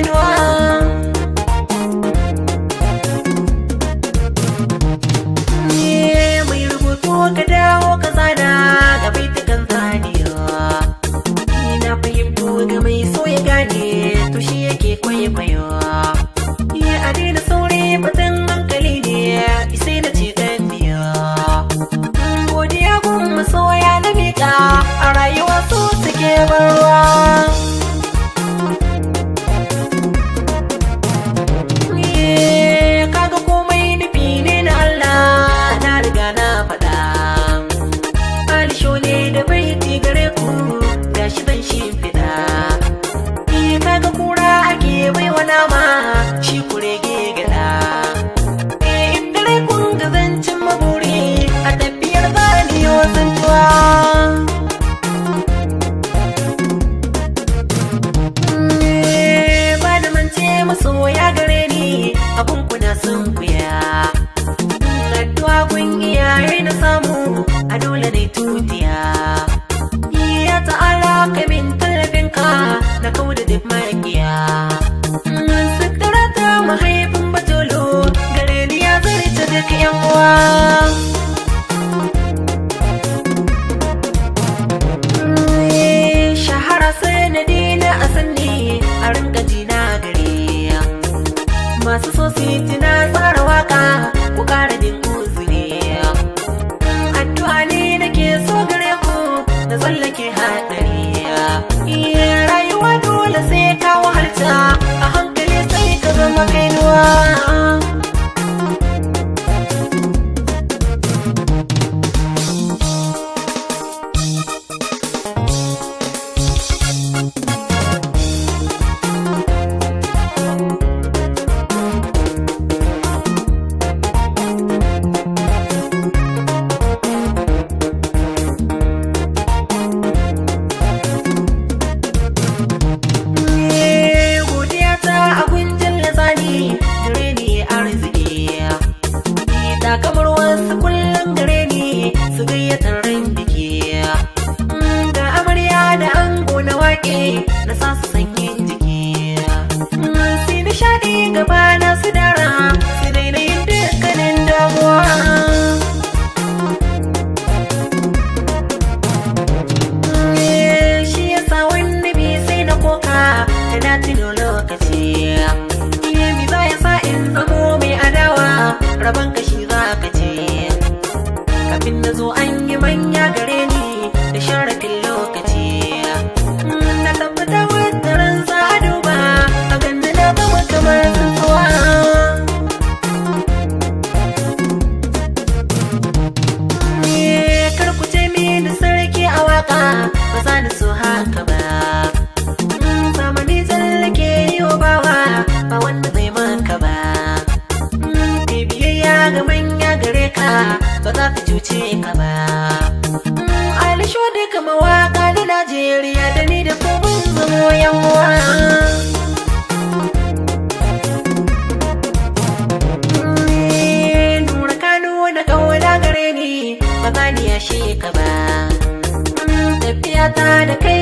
inuwa ne mai rubutu ka dawo ka tsada ga baitukan zanewa ina fahimto ga mai so gane to shi yake kwaikwayowa A daina sauri batun hankali ne isai na ci danniya godiya gun masoya na miƙa a rayuwa su suke barwa Gracias. na sa su sanyin jiki. Sai gaba na su da ba za da so haka ba ba ne tsallake yi wa bawa ba wanda zai maka ba ke mm, biyayya ga manya gare ka ba za ta cuce ka ba mm, alisho da kama waka na najeriya da ni da kuma zamo yawa mm, eh, Nura Kano na kawo gare ni, ba ni ya ka ba. ta da kai